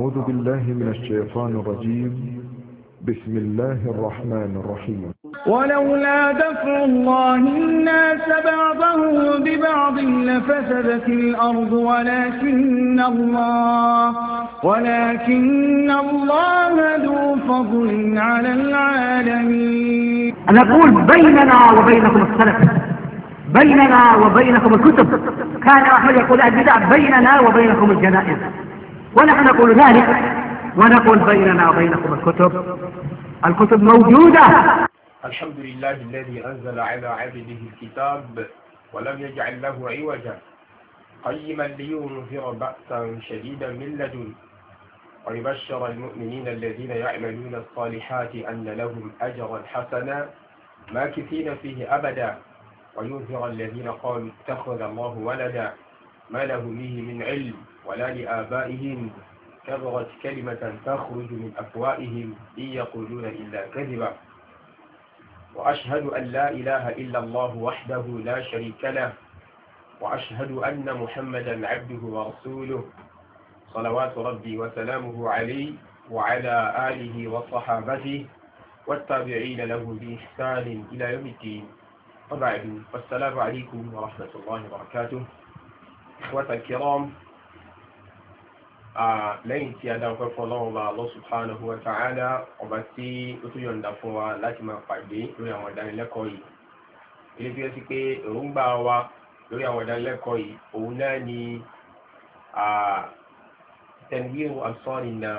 أعوذ بالله من الشيطان الرجيم بسم الله الرحمن الرحيم ولولا دفع الله الناس بعضهم ببعض لفسدت الأرض ولكن الله ولكن الله ذو فضل على العالمين أنا أقول بيننا وبينكم السلف بيننا وبينكم الكتب كان أحمد يقول أهل بيننا وبينكم الجنائز ونحن نقول ذلك ونقول بيننا وبينكم الكتب الكتب موجودة الحمد لله الذي أنزل على عبده الكتاب ولم يجعل له عوجا قيما لينذر بأسا شديدا من لدن ويبشر المؤمنين الذين يعملون الصالحات أن لهم أجرا حسنا ماكثين فيه أبدا وينذر الذين قالوا اتخذ الله ولدا ما له به من علم ولا لآبائهم كبرت كلمة تخرج من أفوائهم إن يقولون إلا كذبا وأشهد أن لا إله إلا الله وحده لا شريك له وأشهد أن محمدا عبده ورسوله صلوات ربي وسلامه عليه وعلى آله وصحابته والتابعين له بإحسان إلى يوم الدين وبعد فالسلام عليكم ورحمة الله وبركاته ikhwata kiram ah, lẹ́yìn tí a dáńpẹ́ fún ọlọ́run bá Allah subhanahu wa ta'ala ọba tí ó tún yọ̀ǹda fún wa láti máa pàdé lórí àwọn ìdánilẹ́kọ̀ọ́ yìí ilé fi ẹ́ sí pé èròǹgbà wa lórí àwọn ìdánilẹ́kọ̀ọ́ yìí òun náà ni ah, tẹ̀wíwò àsọ́rin na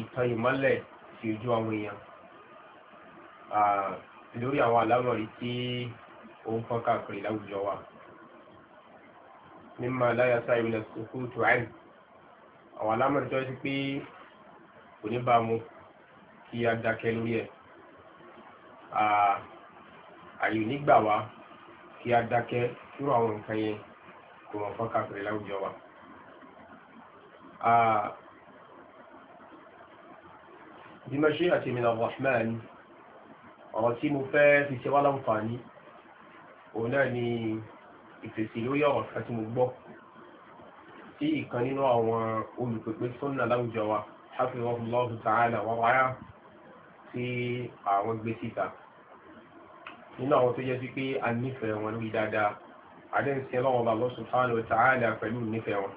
ìtàn ìmọ́lẹ̀ sí ojú àwọn èèyàn ah, lórí àwọn aláwọ̀rí tí ó ń fọ́n káàkiri láwùjọ wa mímọ aláyàtà ìmìnà kókó tùwáìn àwọn alámọ̀rẹ́ tó ti pé kò ní bá mu kí a dákẹ́ lórí ẹ̀ àyè nígbà wá kí a dákẹ́ kúrò àwọn nǹkan yẹn kò wọ́n fọ́n káfíńrẹ́ láwùjọ wa. بمشيئة من الرحمن ọ̀rọ̀ tí mo fẹ́ fi ṣe wá láǹfààní òun náà ni ìfèsì lórí ọ̀rọ̀ kan tí mo gbọ́ tí ìkan nínú àwọn olùpèpè sọ́nà láwùjọ wa hafizahullahu ta'ala wa wáyà tí àwọn gbé síta nínú àwọn tó jẹ́ sí pé a nífẹ̀ẹ́ wọn lórí dáadáa adẹ́nsẹ́ lọ́wọ́ bàbá subhanahu wa ta'ala pẹ̀lú nífẹ̀ẹ́ wọn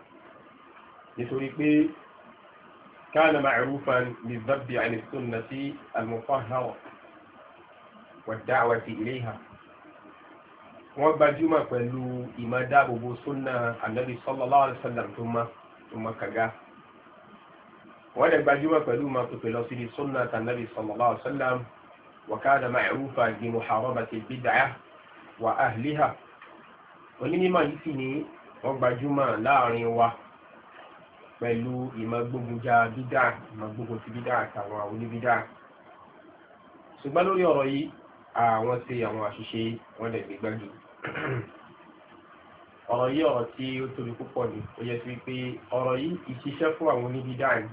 nítorí pé كان معروفا بالذب عن السنة المطهرة والدعوة إليها wọ́n gbajúmọ̀ pẹ̀lú ìmọ̀dáàbòbò súnà ànábì sallallahu alaihi wasallam tó má tó má kàga wọ́n dẹ̀ gbajúmọ̀ pẹ̀lú ma pèpè lọ sí di súnà tànábì sallallahu alaihi wasallam wa kana ma'rufa bi muharabati bid'ah wa ahliha onímọ̀ yìí sì ni wọ́n gbajúmọ̀ láàrin wa pẹ̀lú ìmọ̀gbógunjà bídà ìmọ̀gbógun ti bídà àtàwọn oníbídà ṣùgbọ́n lórí ọ̀rọ̀ yìí àwọn ṣe àwọn àṣìṣe wọ́n dẹ̀ gbégbájú ọ̀rọ̀ yìí ọ̀rọ̀ tí ó tóbi púpọ̀ ni ó yẹ sí pé ọ̀rọ̀ yìí ìṣiṣẹ́ fún àwọn oníbídà ni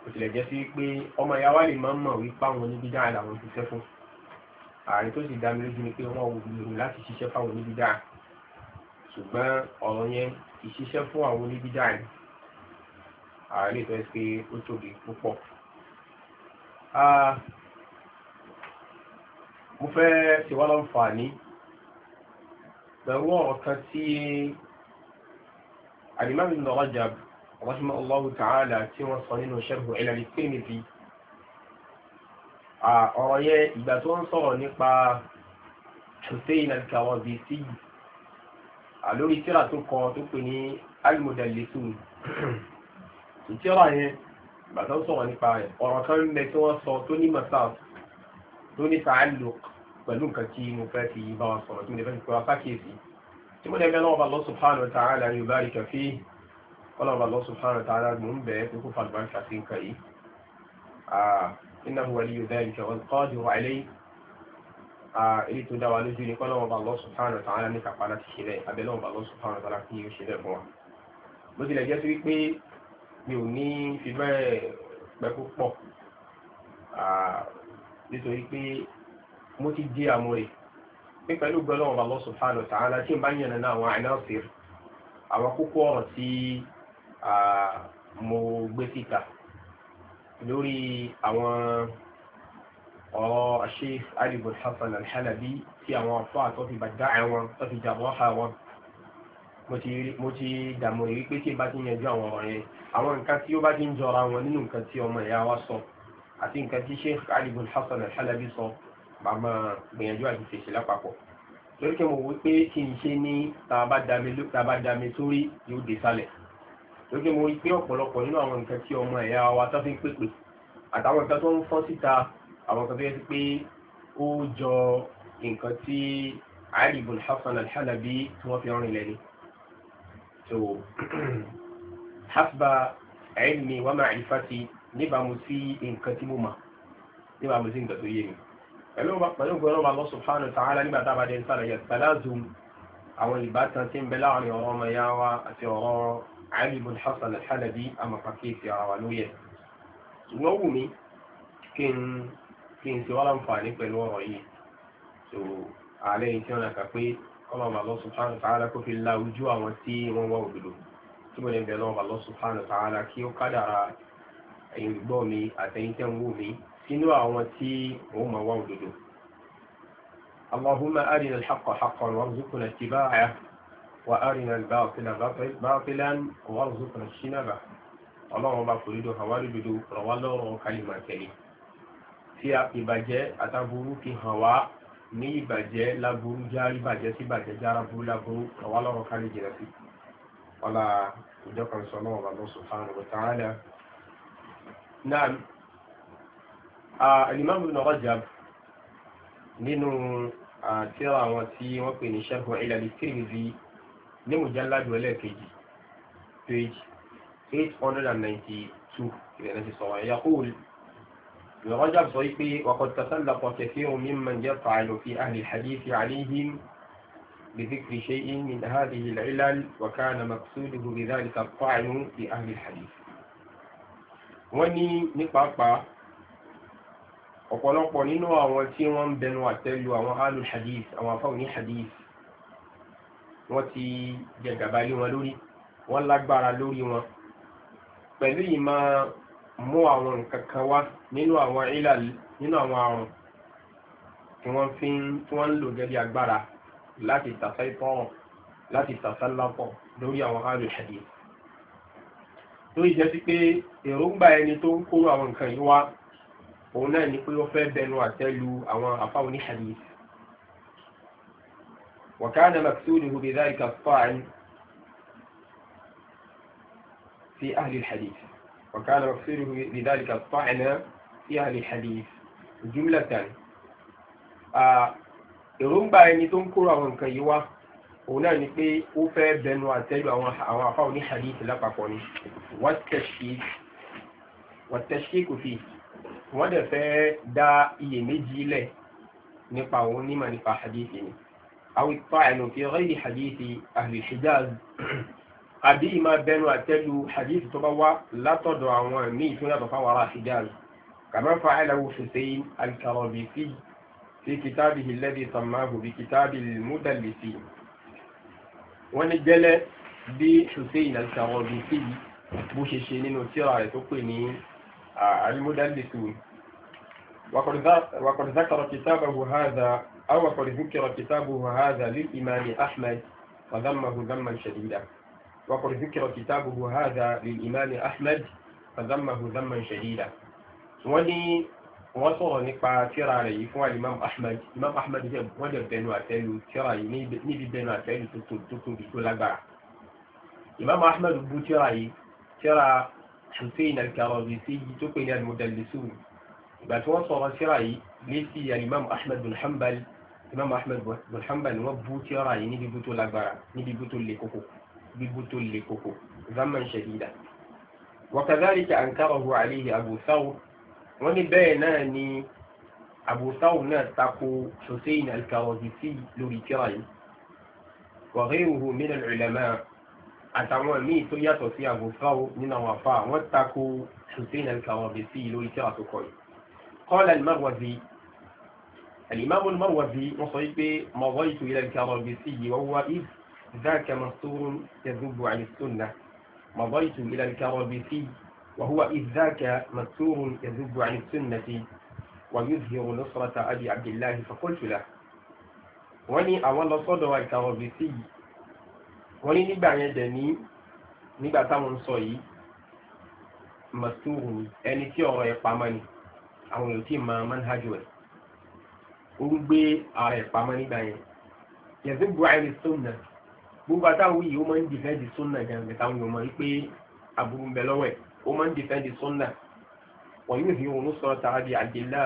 kò tilẹ̀ jẹ́ sí pé ọmọ ìyá wa lè máa ń mọ̀ wípé àwọn oníbídà làwọn ṣiṣẹ́ fún ààrẹ tó sì dá mi lójú ni pé wọ́n wùlò láti ṣiṣẹ́ fáwọn oníbídà ṣùgbọ́n ọ̀rọ̀ yẹn ìṣiṣẹ́ fún àwọn oníbídà ni ààrẹ lè fẹ́ pé ó tóbi púpọ̀ ah, mo fẹ́ ṣe wá lọ́nfààní pẹ̀lú ọ̀rọ̀ kan tí alimami nọ̀rọ̀jàb rahimah allahu ta'ala tí wọ́n sọ nínú sharhu ilal Tirmidhi ọ̀rọ̀ yẹn ìgbà tó ń sọ̀rọ̀ nípa hussein al-Karawisi lórí tíra tó kọ tó pè ní al-Mudallisun tíra yẹn ìgbà tó ń sọ̀rọ̀ nípa ọ̀rọ̀ kan ń bẹ tí wọ́n sọ tó ní masaf tó ní ta'alluq pẹ̀lú nǹkan tí mo fẹ́ fi bá wa sọ̀rọ̀ tí mo lè fẹ́ fi pé wa sákèsí tí mo lè bẹ́ lọ́wọ́ bá Allah subhanahu wa ta'ala yubarika fi ọlọ́wọ́ bá Allah subhanahu wa ta'ala mò ń bẹ̀ ẹ́ pé kó fa àlùbáríkà sí nǹkan yìí innahu waliyyu dhalika wal qadiru alayhi èyí tó dá wa lójú ni kọ́lọ́wọ́ bá Allah subhanahu wa ní kápá láti ṣe bẹ́ẹ̀ abẹ́lọ́wọ́ mo ti di àmúre pé pẹ̀lú gbọ́dọ̀ ọba Allah subhanahu wa ta'ala tí n bá yànnà náà àwọn àìnáfẹ́ àwọn kókó ọ̀rọ̀ tí mo gbé síta lórí àwọn ọ̀rọ̀ Sheikh Ali bin Hasan al-Halabi tí àwọn afọ́ àtọ́fi bá dá àwọn tọ́fi jàbọ́ ha wọn mo ti dààmú rí pé tí n bá ti yanjú àwọn ọ̀rọ̀ yẹn àwọn nǹkan tí ó bá ti ń jọra wọn nínú nǹkan tí ọmọ ìyá wa sọ àti nǹkan tí Sheikh Ali Hasan al sọ màá máa gbìyànjú àti ṣèṣe lápapọ̀ lórí kí mo wí pé kí n ṣe ní tá a bá dami sórí yóò dé sálẹ̀ lórí kí mo rí pé ọ̀pọ̀lọpọ̀ nínú àwọn nǹkan tí ọmọ ẹ̀yà wa tó fi ń pèpè àtàwọn nǹkan tó ń fọ́n síta àwọn nǹkan tó yẹ sí pé ó jọ nǹkan tí Ali Hasan al tí wọ́n fi rìn lẹ́ni. so hasba ilmi wa ma'rifati níbàámu sí nǹkan tí mo mọ̀ níbàámu sí nǹkan tó yé mi pẹ̀lú ọgbẹ̀rún ọba subhanahu wa ta'ala nígbà tá a bá dé nípa rẹ̀ talazum àwọn ìbátan tí ń bẹ láàrin ọ̀rọ̀ ọmọ ya wa àti ọ̀rọ̀ Ali ibn Hasan al-Halabi amọ̀pàkíyèsí ara wa lóye ṣùgbọ́n wù mí kí n kí n ti wá láǹfààní pẹ̀lú ọ̀rọ̀ yìí so ààrẹ yìí tí wọ́n nàkà pé ọmọ ọba subhanahu wa ta'ala kó fi la ojú àwọn tí wọ́n wá òdodo tí wọ́n lè bẹ̀rẹ̀ ọba inú àwọn tí ó máa wá òdodo اللهم أرنا الحق حقا وارزقنا اتباعه وأرنا الباطل باطلا وارزقنا اجتنابه ọlọ́run bá forí dùn àwárí dúdú ràn wá lọ́rùn kálímà kẹ́lẹ́ tí ìbàjẹ́ àtàbúrú fi hàn wá ní ìbàjẹ́ láburú járí bàjẹ́ sí bàjẹ́ jára burú láburú ràn wá lọ́rùn jìnà sí. wọ́lá ìjọ kan sọ náà wà lọ́sùn fáwọn ọ̀tá ààlà náà alimami ibn Rajab nínú àtírà àwọn tí wọ́n pè ní sharh ilal Tirmidhi ní mujalladu ẹlẹ́ẹ̀kejì page eight hundred and ninety two ìrẹ̀lẹ̀ ti sọ̀rọ̀ yaqul ibn Rajab sọ pé waqad tasallaqa kathirun mimman yaf'alu fi ahli al alayhim بذكر شيء من هذه العلل وكان مقصوده بذلك الطعن في أهل الحديث wọ́n ní ọ̀pọ̀lọpọ̀ nínú àwọn tí wọ́n ń bẹnu àtẹ́lu àwọn alu hadith àwọn afáwọn ní hadith wọ́n ti jẹgàba lé wọn lórí wọ́n lágbára lórí wọn pẹ̀lú ìmọ̀ mú àwọn nǹkan kan wá nínú àwọn ilà nínú àwọn àrùn tí wọ́n fi ń tí wọ́n ń lò gẹ́gẹ́ agbára láti tàṣà ìtọ́rọ̀ láti tàṣà lápọ̀ lórí àwọn alu hadith tó ìjẹ́ sí pé èròǹgbà ẹni tó ń kóró àwọn nǹkan yìí wá òun náà ni pé ó fẹ́ bẹnu àtẹ́lu àwọn àfáà oníhàdí wàkánà maksuduhu bidhalika at-ta'n fi ahli al-hadith وكان مقصده بذلك الطعن في أهل الحديث جملة èròǹgbà ẹni tó ń kóró àwọn nǹkan yìí wá òun náà ni pé ó fẹ́ bẹnu àtẹ́lù àwọn afáwọn ní hadith lápapọ̀ ni wọ́n tẹ̀sí kò fi wọ́n dẹ̀ fẹ́ dá iyèméjì ilẹ̀ nípa òun nímọ̀ nípa hadithi ni àwọn ìtọ́ àìnà fi rẹ́yìn hadithi al-Hijaz àbí ìmá bẹnu àtẹ́lu hadithi tó bá wá látọ̀dọ̀ àwọn míì tó yàtọ̀ fáwọn ará Hijaz kàmá fa àìlàwò Hussein al-Karabisi fi kitabihi alladhi sammahu bi kitabil mudallisi wọ́n ní gẹ́lẹ́ bí Hussein al-Karabisi bó ṣe ṣe nínú tíra rẹ̀ tó pè ní المدلسون وقد ذكر كتابه هذا أو وقد ذكر كتابه هذا للإمام أحمد وذمه ذما شديدا وقد ذكر كتابه هذا للإمام أحمد فذمه ذما شديدا ولي wọ́n sọ̀rọ̀ nípa tíra rẹ̀ yìí fún alimam ahmed imam ahmed jẹ́ wọ́n jẹ́ bẹnu àtẹ́lu tíra yìí níbi bẹnu àtẹ́lu tó tóbi tó lágbára imam ahmed bú tíra yìí tíra حسين الكرازيسي تقن المدلسون بل توصل شرعي ليسي الإمام أحمد بن حنبل إمام أحمد بن حنبل وابو شرعي نبي بطول أبرا نبي بطول لكوكو ببطول لكوكو ذما شديدا وكذلك أنكره عليه أبو ثور ونبيناني أبو ثور نستقو حسين الكرازيسي لوري شرعي وغيره من العلماء àtàwọn míì tó yàtọ̀ sí àbòfáwò nínú àwọn àfa wọ́n tako hussein al-kawabisi lórí tí a tó kọ́ yìí qala al-marwazi al-imam al-marwazi wọ́n sọ wípé maghaytu ila al-kawabisi yìí wọ́n wá if dhaka masturun yadhubu an as-sunnah maghaytu ila al-kawabisi وهو إذ ذاك مكسور يذب عن السنة ويظهر نصرة أبي عبد الله فقلت له وني أول صدر الكربسي wọ́n ní nígbà yẹn dẹ̀ ní nígbà táwọn ń sọ yìí mọ̀túrù ni ẹni tí ọ̀rọ̀ ẹ̀ pamọ́ ni àwọn èèyàn tí ma manhajú ẹ̀ ó ń gbé ara ẹ̀ pamọ́ nígbà yẹn yẹ̀sí buhari sunna gbogbo àtàwọn yìí ó máa ń dìfẹ́ǹdì sunna gan bẹ̀tà àwọn èèyàn mọ̀ wípé aburú ń bẹ lọ́wọ́ ẹ̀ ó máa ń dìfẹ́ǹdì sunna wọ́n yóò fi òun sọ̀rọ̀ tàbí àdìlá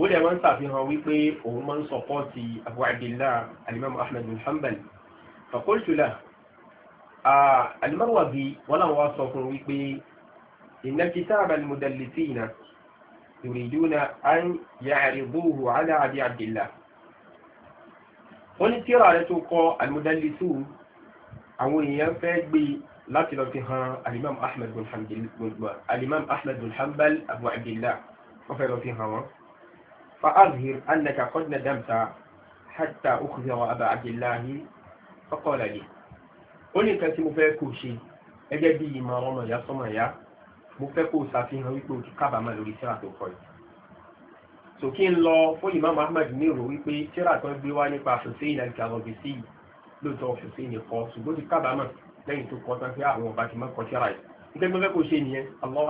ó lè máa ń ṣàfihàn wípé òun máa ń sọ̀pọ́ọ̀tì Abu Abdillah alimami Ahmad bin Hanbal آه، المروزي ولو وصفوا ويكبي إن الكتاب المدلسين يريدون أن يعرضوه على أبي عبد الله قلت ترى لتوقو المدلسون أولي ينفيد بي لا تلوتها الإمام أحمد بن حنبل الإمام أحمد بن حنبل أبو عبد الله وفي فيها فأظهر أنك قد ندمت حتى أخذر أبا عبد الله فقال لي ó ní nǹkan tí mo fẹ́ kó ṣe gẹ́gẹ́ bí ìmọ̀ ọmọ ìyá sọmọ ìyá mo fẹ́ kó ṣàfihàn wípé o ti kábàámọ̀ lórí tíra tó kọ yìí so kí n lọ fún Imam Ahmad ní ìrò wípé tíra tó ń gbé wá nípa Hussein al-Karabisi lóòótọ́ Hussein kọ ṣùgbọ́n ti kábàámọ̀ lẹ́yìn tó kọ́ tán pé àwọn ọba ti máa kọ tíra yìí nígbà tí mo fẹ́ kó ṣe nìyẹn Allahu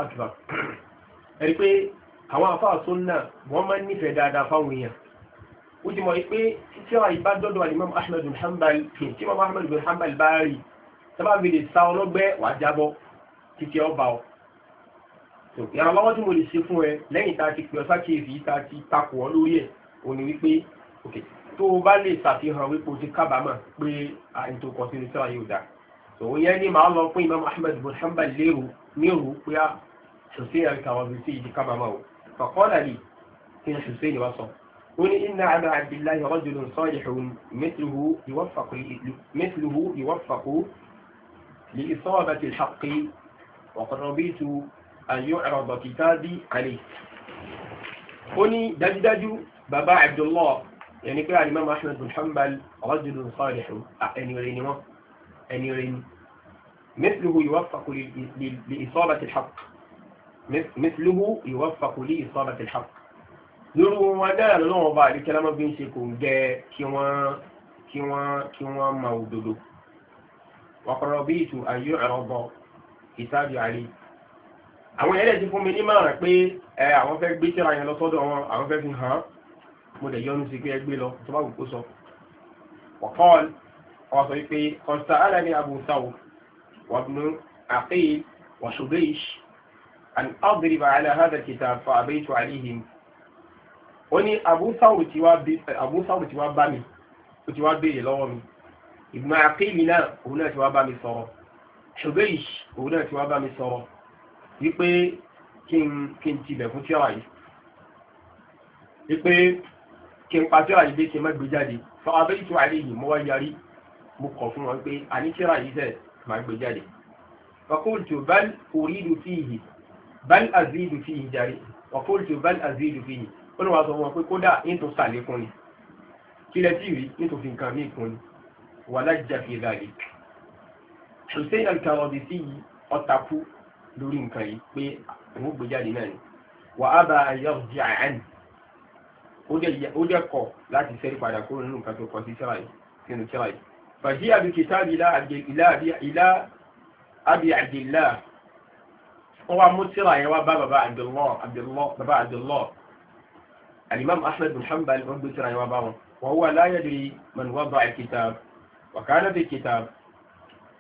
Akbar ti tọ́bá fi lè sa ọlọ́gbẹ́ wà jábọ́ títí ọba ọ ìrànlọ́wọ́ tí mo lè ṣe fún ẹ lẹ́yìn tá a ti pè ọ sákèéfì tá a ti takò ọ lórí ẹ̀ ò ní wípé òkè tó o bá lè ṣàfihàn wípé o ti kábàámọ̀ pé àyìn tó kàn sí ní sọ́wọ́ yóò dà òun yẹn ni màá lọ fún Imam Ahmad bin Hanbal lérò nírò pé a ṣòṣèyàn àti àwọn ọmọ ìṣèyí ti kábàámọ̀ o fàkọ́lá lè kí n ṣòṣèyàn wá sọ ó ní inna Aba Abdillahi rajulun salihun mithluhu yuwaffaqu لإصابة الحق وقد رضيت أن يعرض كتابي عليه هني دجدج بابا عبد الله يعني كلا الإمام أحمد بن حنبل رجل صالح أن ما؟ أن يرين مثله يوفق لإصابة الحق مثله يوفق لإصابة الحق lórí wọn wá dára lọ́wọ́ bá àdékẹ́lá mọ́ bí ń ṣe kò ń jẹ́ kí wọ́n kí wọ́n kí wọ́n máa òdodo wàkọ̀rọ̀ bí ìtù ayé ẹ̀rọ bọ̀ ìsáàdì àlè àwọn ẹlẹ́ ti fún mi nímọ̀ràn pé ẹ àwọn fẹ́ gbé tíra yẹn lọ sọ́dọ̀ wọn àwọn fẹ́ fi hàn án mo dẹ̀ yọnu sí pé ẹ gbé lọ tó bá kò sọ wọ́kọ́ọ̀lù ọ̀sọ̀ wípé kọ́ńtà alani abu sawu wàbùnú àkéyì wàṣùgbéyìí an ìgbìmọ̀ àkéèmì náà òun náà ti wá bá mi sọ̀rọ̀ ṣùgbẹ́yìí òun náà ti wá bá mi sọ̀rọ̀ wípé kí n tilẹ̀ fún tíọ́rà yìí wípé kí n pa tíọ́rà yìí dé kí n má gbé jáde fọ abẹ́ ìtura ilé yìí mo wá yarí mo kọ̀ fún wọn pé àní tíọ́rà yìí sẹ̀ máa gbé jáde fakultu bal uridu fihi bal azidu fihi jari fakultu bal azidu fihi ó ní wàá sọ fún wọn pé kódà ní tó sàlékún ni kílẹ̀ tí rí ní tó fi nǹkan ní ìkún ni wàlájà fi dàlí hussein alkarobisi ọ̀tàkù lórí nǹkan yìí pé òun gbé jáde náà ni wà á bá yọ̀ọ̀dì àánì ó dẹ̀ kọ̀ láti sẹ́rí padà kúrò nínú nǹkan tó kọ sí sínú tíra yìí fàjí àbí kìtàbí ilá àbí àdìlá wọ́n wá mú tíra yẹn wá bá bàbá Abdullah alimam ahmed bin hanbal wọ́n gbé tíra yẹn wá bá wọn wọ́n wà la yadri man wada al-kitab wàkánà fi kitab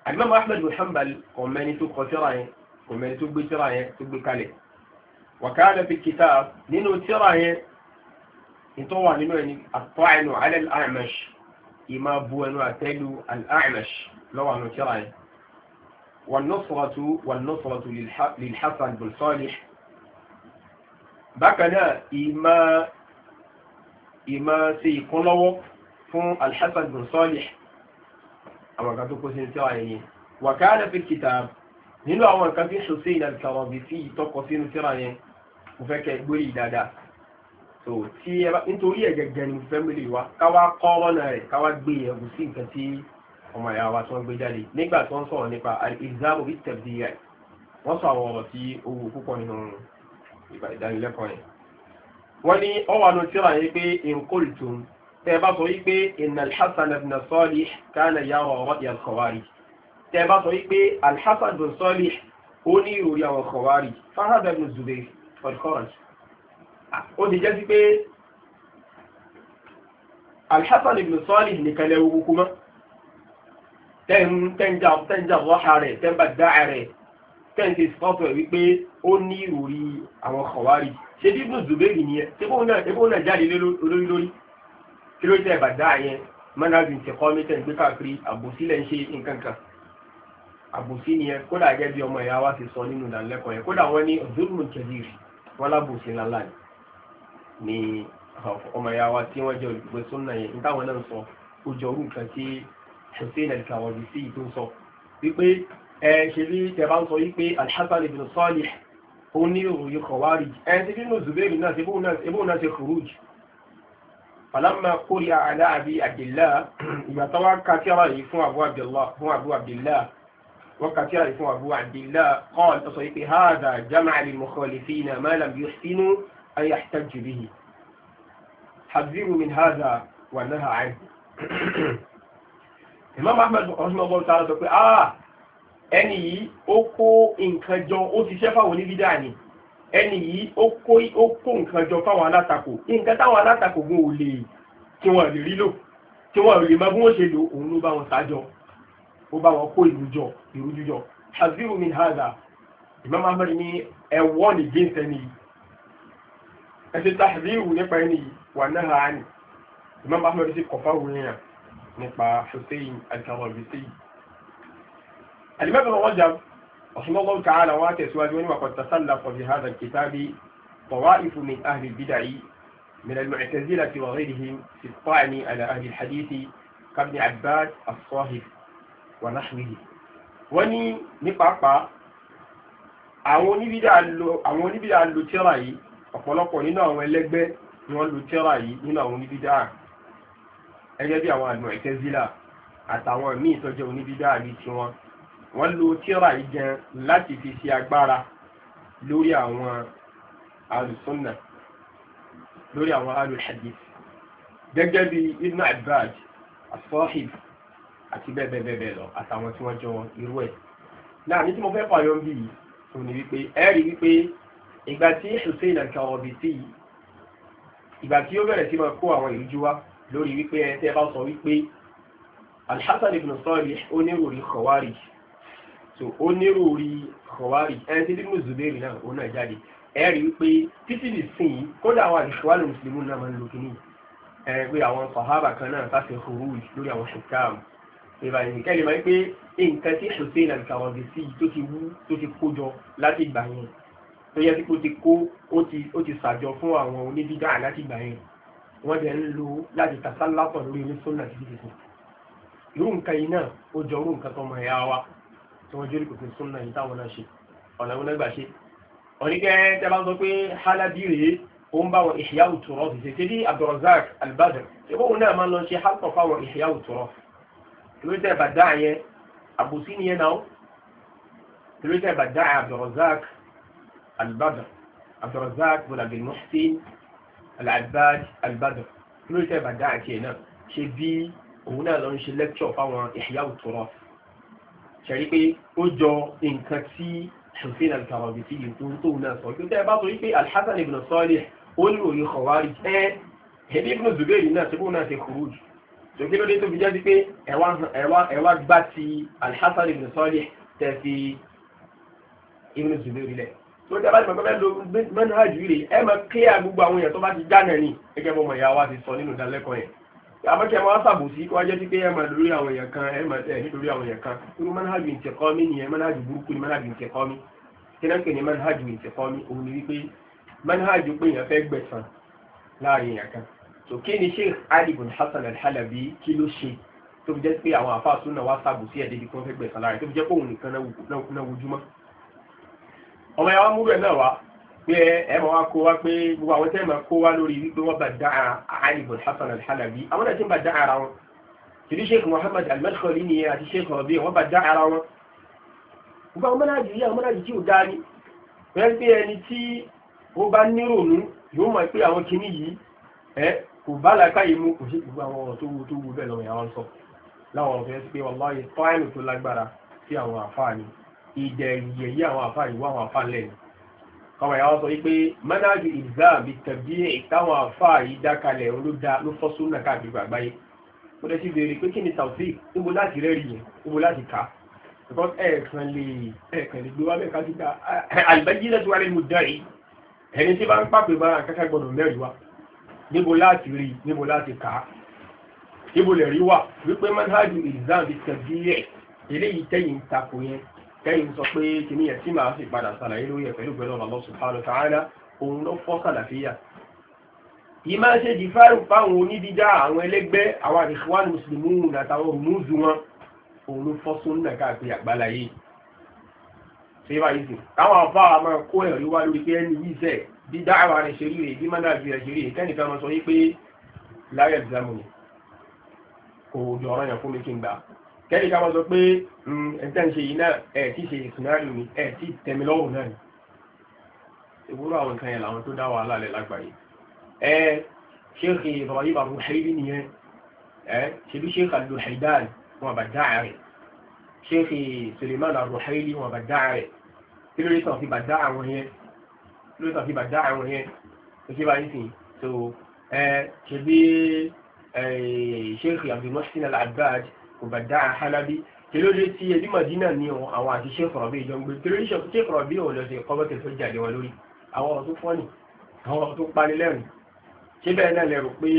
alimam ahmed muhammad kò mẹni tó kọ tírà yẹn kò mẹni tó gbé tírà yẹn tó gbé kalẹ̀ wàkánà fi kitab nínú tírà yẹn ìtọ́ wà nínú ẹni àtọ́ẹ̀nù ala al ìmá bu ẹnu àtẹ́lu al lọ́wọ́ àánú tírà yẹn wal-nusratu wal-nusratu lil-Hasan bin Salih bákan náà ìmá ìmá ṣe ìkúnlọ́wọ́ fún al-Hasan àwọn nǹkan tó kó sí tírà yẹn wàkàlẹ̀ fi kitab nínú àwọn nǹkan tí Husayn al-Karabisi tọkọ sínú tírà yẹn mo fẹ́ kẹ́ gbórí dáadáa so tí ẹ bá nítorí ẹ̀ gẹ́gẹ́ ni mo fẹ́ mélòó wa káwá kọ́ ọ̀nà rẹ̀ káwá gbé ẹ̀gùn sí nǹkan tí ọmọ ìyá wa tí wọ́n gbé jáde nígbà tí wọ́n sọ̀rọ̀ nípa al-ilzam bit-tabdi' wọ́n sọ àwọn ọ̀rọ̀ tí ó wù púpọ̀ nínú ìdánilẹ́kọ̀ọ́ yẹn wọ́n ní ọwọ́ àná tíra yẹn pé in qultum tẹ́ bá sọ wípé inna alhassan ibn salih kana yàrá ọ̀rọ̀ ìyàn kọwárì tẹ́ bá sọ wípé alhassan ibn salih ó ní ìròrí àwọn kọwárì fahad ibn zubair ọ̀dkọ́rọ̀j ó ti jẹ́ sí pé alhassan ibn salih nìkan lẹ́wọ́ gbogbo mọ́ tẹ́ǹjà rọ́ṣà rẹ̀ tẹ́ǹbà dáà rẹ̀ tẹ́ǹtẹ́ sọ́tọ̀ wípé ó ní ìròrí àwọn kọwárì ṣe bí ibn zubair nìyẹn tí kò náà jáde lórí lórí kí ló tẹ̀ bàdá yẹn mọ́nàbí ti kọ́ mítẹ̀ gbé káàkiri àbòsí lẹ́ ń ṣe nǹkan kan àbòsí nìyẹn kódà gẹ́gẹ́ bí ọmọ ìyá wa ti sọ nínú ìdánilẹ́kọ̀ọ́ yẹn kódà wọ́n ní zulmun kabir wọ́n lábòsí ńláńlá ni ọmọ ìyá wa tí wọ́n jẹ́ olùgbé súnà yẹn nítawọn náà sọ ó jọ orú nǹkan tí hussein al-kawarisi tó ń sọ wípé ẹ ṣe bí tẹ bá ń sọ wípé alhassan ibn salih ó ní òòyì kọ̀wárì ẹ ti nínú zubairu náà ebóun náà ṣe khuruj falamma kórí àlá àbí abdillah ìgbà tó wá kàtíra yìí fún abu abdillah fún abu abdillah wọ́n kàtíra yìí fún abu abdillah kọ́ọ̀n tó sọ yìí pé hadha jama'a lil mukhalifina ma lam yuhsinu an yahtaju bihi hadhiru min hadha wa naha anhu. imam ahmed ọ̀sùnmọ̀gbọ́n tààrà sọ pé ah, ẹni yìí ó kó nǹkan jọ ó ti ṣẹ́fà wọ́n bídà ni ẹni yìí ó kó nǹkan jọ fáwọn alátakò nǹkan táwọn alátakò gun ò lè tí wọn lè rí lò tí wọn lè mọ bí wọn ṣe lò òun ló bá wọn sájọ ó bá wọn kó ìlú jọ ìlú jíjọ aziru min haza imam ahmed ní ẹwọ́ ní gíńsẹ̀ ni ẹ ti tahziru nípa ẹni wà náà hàn ní imam ahmed sì kọ̀fà wúnyàn nípa hussein àti àwọn ìrísí yìí alimẹ́bẹ̀rẹ̀ رحمه الله تعالى واتس واجوني وقد تسلق في هذا الكتاب طوائف من أهل البدع من المعتزلة وغيرهم في الطعن على أهل الحديث كابن عباد الصاهب ونحوه وني نقاقا أعوني بدع أعوني بدع اللو تراي أقولكم لنا أول لقبة نوال لو هنا أعوني بدع أجابي أعوان المعتزلة أتعوان مين تجوني بدع لتراي wọ́n lo tíra ìjẹun láti fi ṣe agbára lórí àwọn alùsùnà lórí àwọn alùhadith gẹ́gẹ́ bí ibn abbad asọ́hìb àti bẹ́ẹ̀bẹ́ẹ̀bẹ́ẹ̀ lọ àtàwọn tí wọ́n jọ irú ẹ̀ náà ní tí mo fẹ́ pààyọ bí yìí tó ní wípé ẹ̀rí wípé ìgbà tí hussein al-karabiti ìgbà tí ó bẹ̀rẹ̀ sí máa kó àwọn ìrújú wá lórí wípé ẹ̀ tẹ́ bá sọ wípé alhassan ibn salih onírúurú khawarij so ó nírúurú kọ̀wárì ẹni tí nínú zubairu náà ó náà jáde ẹ rí i pé títí nìsín yìí kódà àwọn àdìsíwálò mùsùlùmí náà máa ń lo kínní ẹ pé àwọn sàhábà kan náà bá fi hùwù lórí àwọn ṣùkàmù ìbàdàn kẹ́lì máa ń pé nǹkan tí hussein alkawọ́dé sí tó ti wú tó ti kó jọ láti ìgbà yẹn tó yẹ kó ti kó ó ti sàjọ fún àwọn oníbídà láti ìgbà yẹn wọ́n dẹ̀ ń lo tí wọ́n jórí kò sí súnà yìí táwọn náà ṣe ọ̀nà ìwọ̀n náà gbà ṣe oníkẹ́ tẹ́ bá ń sọ pé halabi rèé ó ń bá wọn ìṣìyà òtúrọ́ ṣe ṣe bí abdulrazak albadr ṣe bóun náà máa ń lọ ṣe hálpọ̀ fáwọn ìṣìyà òtúrọ́ tìrẹ́tẹ̀ bàdá yẹn àbùsí nìyẹn náà tìrẹ́tẹ̀ bàdá abdulrazak albadr abdulrazak bulabil muhsin alabad albadr tìrẹ́tẹ̀ bàdá àti ẹ̀ náà ṣe bí òun náà lọ ń ṣe lẹ́kṣọ̀ fáwọn ìṣìyà òtúrọ́ ṣẹ̀rí pé ó jọ nǹkan tí ṣùfin alkarabi ti yìí tó ń tóun náà sọ kí ó tẹ́ bá sọ wípé alhassan ibn salih ó ní òye kọ̀wárì ẹ ẹbí ibn zubairi náà tó kó náà ṣe kúrú jù tó kí ló dé tó fi jẹ́ sí pé ẹ̀wá gbá ti alhassan ibn salih tẹ̀ fi ibn zubairi lẹ̀ tó tẹ́ bá ti mọ̀gbẹ́ lo manhaj rẹ̀ ẹ máa kíyà gbogbo àwọn èèyàn tó bá ti já náà gẹ́gẹ́ bọ́ àbẹ́kẹ́ máa sàbòsí kó wájẹ́ sí pé ẹ máa lórí àwọn èèyàn kan ẹ máa tẹ̀ nítorí àwọn èèyàn kan irú manhajù ìtẹ̀kọ́mí nìyẹn manhajù burúkú ni manhajù ìtẹ̀kọ́mí kí náà ń pè ní manhajù ìtẹ̀kọ́mí òun ni wípé manhajù pé èèyàn fẹ́ gbẹ̀sán láàrin èèyàn kan so kí ni Sheikh Ali bin Hasan al-Halabi kí ló ṣe tó fi jẹ́ pé àwọn àfáà súnà wá sàbòsí ẹ̀ débi kan fẹ́ gbẹ̀sán láàrin tó fi jẹ́ pé òun nìkan náà wojúmọ́ ọmọ yàrá múlò náà wá pé ẹ mọ̀ wá kó wá pé gbogbo àwọn tẹ́ mọ̀ kó wá lórí wípé wọ́n bá dá Ali ibn Hasan al-Halabi àwọn náà ti ń bá dá ara wọn tìrí sheikh Muhammad al-Madkhali nìyẹn àti sheikh Rabi wọ́n bá dá ara wọn gbogbo àwọn mọ́nájì yìí àwọn mọ́nájì tí ò dá ní wọ́n pé ẹni tí ó bá nírònú yóò mọ̀ pé àwọn kinní yìí ẹ kò bá làákàyè mú kò sí gbogbo àwọn ọ̀rọ̀ tó wu tó wu bẹ́ẹ̀ lọ́wọ́ àwọn kọmọ ìyàwó sọ wípé mẹ́nájú ìzáàbí tàbí ìtàwọn àfáà yìí dákalẹ̀ olóda ló fọ́ súnà káàkiri àgbáyé ó dẹ̀ ti béèrè pé kí ni tàwùsí níbo láti rẹ́rì yẹn níbo láti kà á because ẹ̀ẹ̀kan lè ẹ̀ẹ̀kan lè gbé wá bẹ́ẹ̀ ká sí ká àlùbáyé lẹ́tọ́ wa lè mú dá yìí ẹni tí bá ń pàpè bá kankan gbọdọ̀ mẹ́rin wa níbo láti rí níbo láti kà á níbo lè rí wà wípé mẹ́nájú ìzáàbí tàbí eléyìí tẹ́yìn tako yẹn kẹ́yìn sọ pé kìíní ẹ̀ tí màá sì padà sàlàyé lórí ẹ̀ pẹ̀lú gbẹ̀lọ́ Allah subhanahu wa ta'ala òun ló fọ́ sàlàfíà yìí máa ń ṣe jì fáàrù fáwọn onídíjá àwọn ẹlẹ́gbẹ́ àwọn àdìsíwáàlù mùsùlùmí àtàwọn òmùzù wọn òun ló fọ́ sóńnà káàkiri àgbálá yìí ṣe bá yìí sìn káwọn afá máa kó ẹ̀rí wá lórí pé ẹni yìí sẹ̀ bí dáhàwá rẹ̀ ṣe rí rè bí mọ́nà àti rẹ̀ ṣe rí rè kẹ́nìkan máa sọ yìí pé láyé ẹ̀dìzámù ni kò jọ̀ọ́rọ̀ yẹn fún mi kí n gbà kẹ́lì ká wọ́n sọ pé hmm, ẹ̀tẹ́ ń ṣe yìí náà ẹ̀ tí ṣe ìsìnárì mi ẹ̀ tí tẹ̀mí lọ́wọ́ náà ni ìwúlò àwọn nǹkan yẹn làwọn tó dá wàhálà lẹ̀ lágbàáyé ẹ ṣéèkì Ibrahim Abu Haili nìyẹn ẹ ṣebí ṣéèkì Al-Luhaidan wọn bá dáa rẹ̀ ṣéèkì Suleiman Abu Haili wọn bá dáa rẹ̀ kí ló dé tàn fi bà dá àwọn yẹn kí ló dé tàn fi bà dá àwọn yẹn kò ṣe bá yín so ẹ ṣebí ṣéèkì Abdul Muhsin Al-Abbad òbàdá àhálábí kìlódé tí ẹbí mọ̀dínà ní àwọn àti Sheikh Rabi ìjọ ń gbé kìlódé Sheikh Rabi ò lọ́sẹ̀ kọ́bọ̀tẹ̀ tó jáde wọn lórí àwọn ọ̀rọ̀ tó fọ́nì àwọn ọ̀rọ̀ tó pani lẹ́rìn ṣé bẹ́ẹ̀ náà lẹ́rù pé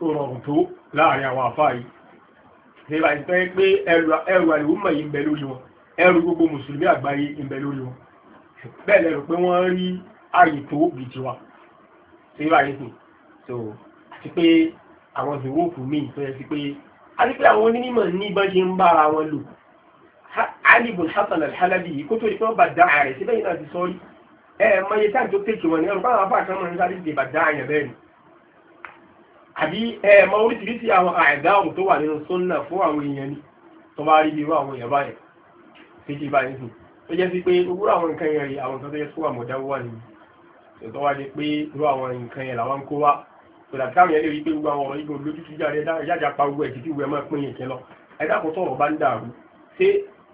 ó rọrùn tó láàrin àwọn àfáà yìí ṣe bá ìtọ́ pé ẹrù àlùmọ̀ yìí ń bẹ lórí wọn ẹrù gbogbo mùsùlùmí àgbáyé ń bẹ lórí wọn bẹ́ẹ̀ lẹ́rù pé wọ́n rí ààyè tó bì tiwa ṣe bá yìí sùn so àti pé àwọn ìwòkù míì tó yẹ sí pé a ní pé àwọn onímọ̀ ní bọ́n ṣe ń bára wọn lò Ali ibn Hasan al-Halabi yìí kó tó di pé wọ́n bá dá ààrẹ síbẹ̀ yìí náà ti sọ́ọ́rí ẹ ẹ mọ iye táà tó tètè wọn ní ọ̀rọ̀ báwọn afá kan máa ń sáré lè bá dá àyàn bẹ́ẹ̀ ni àbí ẹ ẹ mọ oríṣiríṣi àwọn àìdá ọ̀hún tó wà nínú sunna fún àwọn èèyàn ni tó bá rí irú àwọn èèyàn báyẹn fíjì báyìí sùn tó jẹ́ sí pé owó àwọn nǹkan yẹn rí àwọn nǹkan tó yẹ kó wà wà nínú ètò pé irú àwọn nǹkan yẹn làwọn kó wá kòdà táwọn yẹn lè rí pé gbogbo àwọn ọ̀rọ̀ igbó lójú tún jáde yájà pa gbogbo ẹ̀sìn tí ìwé máa pín ìkẹ́ lọ ẹ̀dá kan tọ̀rọ̀ bá ń dàrú ṣé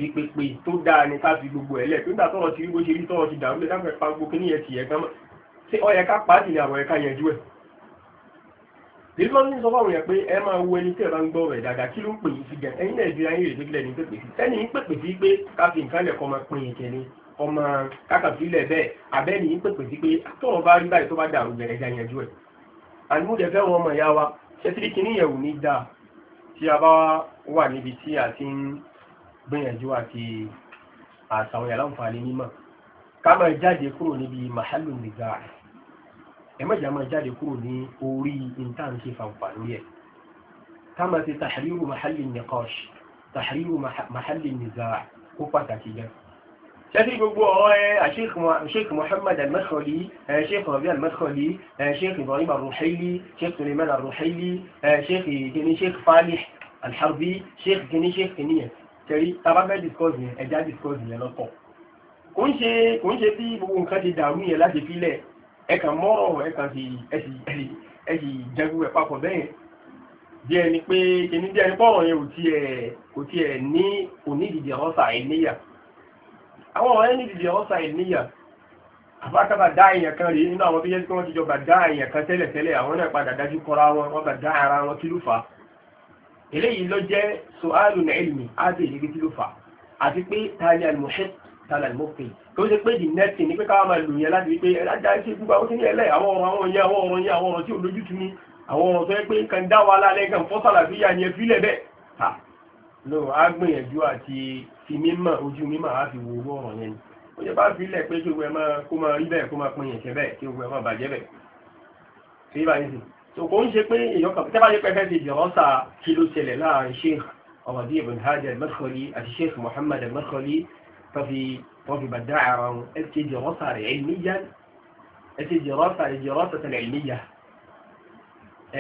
ìpèpè tó dáa ni ká fi gbogbo ẹ̀ lẹ̀ tó ń dà tọ̀rọ̀ ti rí bó ṣe rí tọ̀rọ̀ ti dàrú lẹ̀ dáfẹ́ pa gbogbo kíní yẹn ti yẹ kán mọ́ ṣé ó yẹ ká pàtì ní àwọn ẹ̀ka yẹn jú ẹ̀. Bílọ́ ní sọ fáwọn yẹn pé ẹ máa wo ẹni tí ẹ bá ń gbọ́ rẹ̀ dáadáa kí ló ń pè yín sí gan ẹ̀yin Nàìjíríà yín rèé lẹ́ni pèpè sí sẹ́ni ń pèpè sí pé ká fi nǹkan lẹ̀ kọ́ máa pin ìkẹ́ ni rí báyìí tó bá dàrú bẹ̀rẹ̀ yẹn jú ẹ̀ àdúgbòdẹ̀ fẹ́ràn ọmọ ìyá wa ṣẹ́tìrí kìíní yẹ̀wò ní dáa tí a bá wà níbi tí a ti ń gbìyànjú àti àtàwọn yàrá òǹfààní mímọ̀ ká máa jáde kúrò níbi màhálù nìgbà ẹ mọ̀jà máa jáde kúrò ní orí intanṣe fàǹfààní yẹ ká máa ti ṣẹ́sí gbogbo ọ̀rọ̀ ẹ eh, Sheikh Muhammad al-Madkhali eh, Sheikh Rabi al-Madkhali eh, Sheikh Ibrahim al-Ruhaili Sheikh Suleiman al-Ruhaili Sheikh gini Sheikh Falih al-Harbi Sheikh gini Sheikh kìnìyàn tẹ̀rí tabafẹ́ discourse yẹn ẹja discourse yẹn lọ́kọ̀ kò ń ṣe bí gbogbo nǹkan ti dàrú yẹn láti filẹ̀ ẹ̀kà mọ́rọ̀ ẹ̀kà sí ẹ̀sì jẹ́gbù ẹ̀ papọ̀ bẹ́yẹn bí ẹni pé kò ní onídìdì ọ̀sà ẹ̀ níyà àwọn ọ̀rẹ́ ní ìdìdì ọ̀sà ìníyà àbákàbà dá èèyàn kan rèé nínú àwọn tó yẹ kí wọ́n ti jọba dá èèyàn kan tẹ́lẹ̀tẹ́lẹ̀ àwọn náà padà dájú kọra wọn wọ́n bá dá ara wọn kí ló fà á eléyìí ló jẹ́ sọ́hálù ní ẹ̀lìmì ábẹ́ ìdíbi kí ló fà á àti pé tani àlùmọ́ṣẹ́ tani àlùmọ́pẹ́ tó ṣe pé di nẹ́ẹ̀tì ní pé káwọn máa lò yẹn láti wípé ẹ̀dájà ṣe gbogbo àwọn kíní ẹlẹ́ àwọn ọ̀rọ̀ àwọn yẹn àwọn ọ̀rọ̀ yẹn àwọn ọ̀rọ̀ tí ò lójú tu ni àwọn ọ̀rọ̀ tó yẹ pé kan dá wa lálẹ́ kan fọ́sàlàfíà yẹn fílẹ̀ bẹ́ẹ̀ ló á gbìyànjú àti fi mímọ̀ ojú mímọ̀ á fi wo owó ọ̀rọ̀ yẹn ó yẹ bá fi lẹ̀ pé kí ogun ẹ máa kó máa rí bẹ́ẹ̀ kó máa pin ẹ̀ṣẹ̀ bẹ́ẹ̀ kí ogun ẹ máa bàjẹ́ bẹ́ẹ̀ ṣe é báyìí sìn tó kò ń ṣe pé èèyàn kan tẹ́bàá yẹ pẹ́fẹ́ ti dìrọ́ sa kí ló ṣẹlẹ̀ láàrin sheikh ọmọdé ibn hajj al àti sheikh muhammad al tọ́fi tọ́fi bàdá ara wọn ẹ ti dìrọ́ sa rẹ̀ ẹ̀míyá ẹ ti dìrọ́ sa rẹ̀ dìrọ́ sa tẹ̀lẹ̀ ẹ̀míyá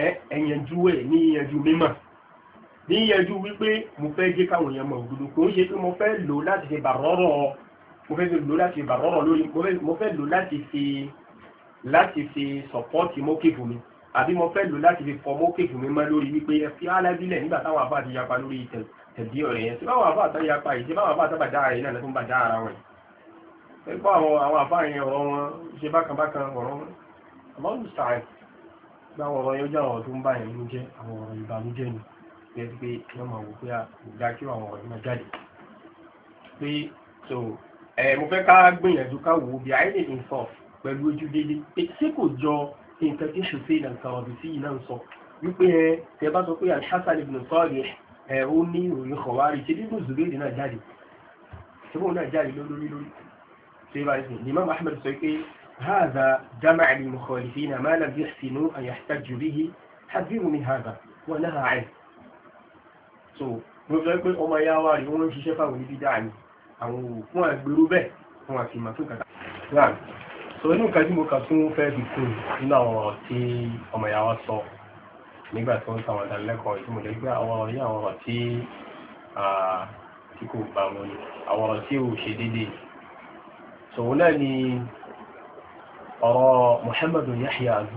ẹ̀ ẹ̀yànjú ẹ̀ ní ìyànjú mímọ̀ ní yẹjú wípé mo fẹ́ jẹ́ káwọn èèyàn mọ̀ òdodo kò ń ṣe pé mo fẹ́ lò láti ṣe bàrọ́rọ̀ mo fẹ́ lò láti ṣe bàrọ́rọ̀ lórí mo fẹ́ lò láti ṣe láti ṣe sọ̀pọ́ọ̀tì mọ́kèbù mi àbí mo fẹ́ lò láti fi fọ mọ́kèbù mi mọ́ lórí wípé ẹ fi alábílẹ̀ nígbà táwọn àbá àti yapa lórí tẹ̀bí ọ̀rẹ́ yẹn síbáwọn àbá àti yapa yìí síbáwọn àbá àti bàdá ara yìí náà tó ń bàdá ara wọn ẹgbọ́ àwọn àwọn àbá yẹn ọ̀rọ̀ wọn ṣe bákanbákan ọ̀rọ̀ wọn àmọ́ ń sàárẹ̀ gbáwọn ọ̀rọ̀ yẹn ó jẹ́ àwọn ọ̀rọ̀ tó ń bá yẹn ló jẹ́ àwọn ọ̀rọ̀ ìbànújẹ́ ni pé pé wọ́n máa wò pé àgbà ah, kí àwọn ọ̀rọ̀ náà jáde pé so ẹ mo fẹ́ ká gbìyànjú ká wò ó bí àìlè ní sọ pẹ̀lú ojú délé ètí kò jọ nǹkan tí ṣòfin ìlànà kan ọ̀bì sí yìí náà sọ wípé ẹ tẹ bá sọ pé Al-Hasan ibn Salih ẹ ó ní ìròyìn kọ̀wárí ṣe nínú Zubayr náà jáde ṣe bóun náà jáde lórí lórí ṣe bá ṣe ní Imam Ahmad sọ pé هذا جمع للمخالفين ما لم يحسنوا أن يحتجوا به حذروا من هذا ونهى عنه so mo sọ pé ọmọ ìyá wa rí wọ́n ń ṣiṣẹ́ fáwọn oníbídà ni àwọn òfún àgbèrú bẹ́ẹ̀ fún àti ìmọ̀ tó kàkà rán so inú nǹkan tí mo kà tún fẹ́ fi kún nínú àwọn ọ̀rọ̀ tí ọmọ ìyá wa sọ nígbà tó ń sàwọn ìdánilẹ́kọ̀ọ́ tí mo lè gbé àwọn ọ̀rọ̀ yìí àwọn ọ̀rọ̀ tí kò bá wọn ni àwọn ọ̀rọ̀ tí ò ṣe déédéé sòwò náà ni ọ̀rọ̀ Muhammadu Yahya az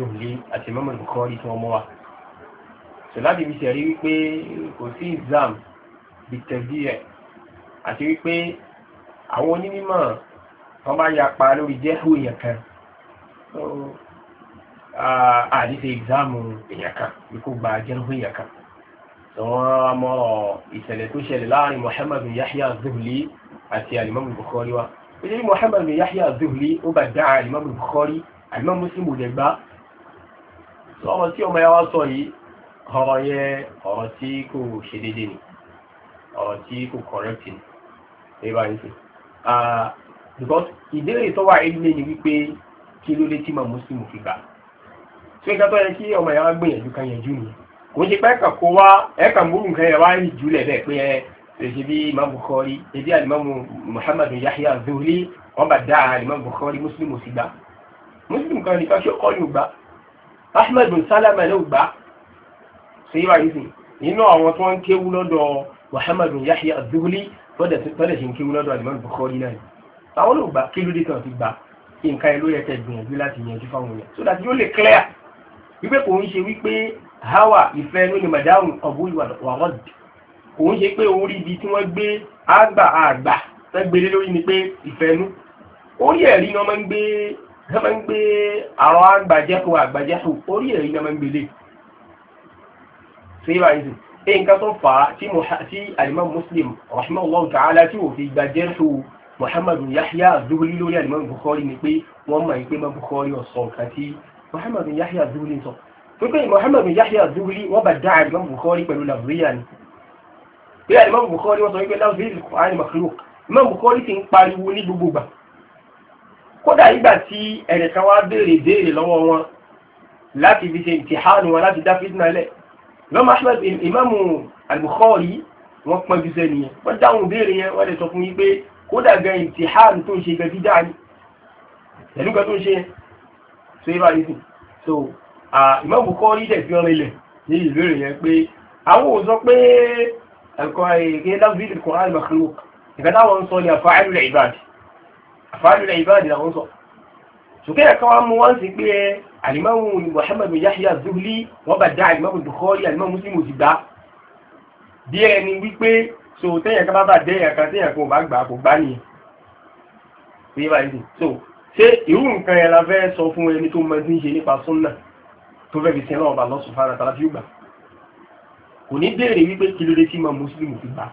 àti Imam Bukhari tí wọ́n mú wa so láti fi ṣẹ̀rí wípé kò sí exam bí tẹ̀sí ẹ̀ àti wípé àwọn onímọ̀ wọ́n bá yapa lórí jẹ́hù èèyàn kan àdíṣe exam èèyàn kan bí kò gba jẹ́hù èèyàn kan so wọ́n mọ ìṣẹ̀lẹ̀ tó ṣẹlẹ̀ láàrin Muhammad bin Yahya Zuhli àti alimami Bukhari wa ó jẹ́ bí Muhammad bin Yahya Zuhli ó bá dá alimami Bukhari alimami Muslim ò lè gbá so ọmọ tí ọmọ yà wá sọ yìí ọ̀rọ̀ yẹn ọ̀rọ̀ tí kò ṣe déédéé ni ọ̀rọ̀ tí kò correct ni ẹ̀rọ àyẹ̀sẹ̀ because ìbéèrè tó wà ilé ni wípé kí ló dé tí màá muslim fi gbà tí ó gbàtọ́ yẹ kí ọmọ ìyá wa gbìyànjú kan yẹn jù ní kò ń ṣe pé ẹ̀kà kó wá ẹ̀kà múrù nǹkan yẹn wá ń jù lẹ̀ bẹ́ẹ̀ pé ẹ ṣèṣe bí imam bukhari ebi alimami muhammadu yahya Zuri, wọn bá dá alimami bukhari muslim ò sì gbà muslim kan nìkan ṣe kọ́ ni ò gbà ahmed bin salama ló gbà ṣe yíra yìí sìn nínú àwọn tó ń kéwú lọ́dọ̀ muhammadu yahya azuhuli tọ́lẹ̀ ṣe ń kéwú lọ́dọ̀ alimami bukhari náà àwọn olùgbà kí ló dé tàn ti gbà nǹkan ẹ ló yẹ kẹ́ gbìyànjú láti yanjú fáwọn èèyàn so that yóò lè clear wípé kò ń ṣe wípé hawa ìfẹ́ ló ni madam ọ̀bùn wàhọ́d kò ń ṣe pé orí ibi tí wọ́n gbé àgbà àgbà tó gbélé lórí ni pé ìfẹ́nu orí ẹ̀rí ni wọ́n máa ń gbé àwọn àgbàjẹ́kù àgbàjẹ́kù orí ẹ̀rí ni wọ́n máa ń gbélé sí ibà yìí ẹ̀ nǹkan tó fà á tí alimam muslim rahimahullah ta'ala tí ò fi gba jẹ́rù muhammadu yahya zuhuli lórí alimam bukhari ni pé wọ́n mọ̀ pé mọ́ bukhari ọ̀sọ̀ nǹkan tí muhammadu yahya zuhuli sọ pípé muhammadu yahya zuhuli wọ́n bá dá alimam bukhari pẹ̀lú làbúríyà ni pé alimam bukhari wọ́n sọ wípé lafzil qur'an makhluq imam bukhari ti ń pariwo ní gbogbo gbà kódà ìgbà tí ẹnìkan wá béèrè béèrè lọ́wọ́ wọn láti fi ṣe ìtìhánu wọn láti dá fitna lẹ̀ imam ahmed imam al-bukhari wọ́n pọ́n jù sẹ́ni yẹn wọ́n dáhùn béèrè yẹn wọ́n lè sọ fún yín pé kódà gan ìtìhàn tó ń ṣe gan dídá ni pẹ̀lú gan tó ń ṣe yẹn so irú àdísìn so imam bukhari dẹ̀ fi ọ̀rọ̀ ilẹ̀ ní ìlú rẹ̀ yẹn pé àwọn ò sọ pé ẹ̀kọ́ ẹ̀kẹ́ lábílì kùnrin makhluq ìgbà táwọn ń sọ ni àfáàlù rẹ̀ ìbáàdì àfáàlù rẹ̀ ìbáàdì làwọn sọ ṣùgbọ́n ẹ̀ka wa mú wọ́n sì pé ẹ eh, alimamu muhammad yahya zuhli wọ́n bá dá alimamu bukhari alimamu muslim ti gbá bí ẹni wípé so tẹ́yìn kan bá bá dẹ́ ẹ̀ka tẹ́yìn kan ò bá gbà kò gbá nìyẹn bí bá yìí so ṣé irú nǹkan yẹn la fẹ́ sọ fún ẹni tó mọ ní ṣe nípa súnà tó fẹ́ fi sin náà ọba lọ́sùn fara tàbí yóò kò ní béèrè wípé kí ló dé tí mọ muslim fi gbà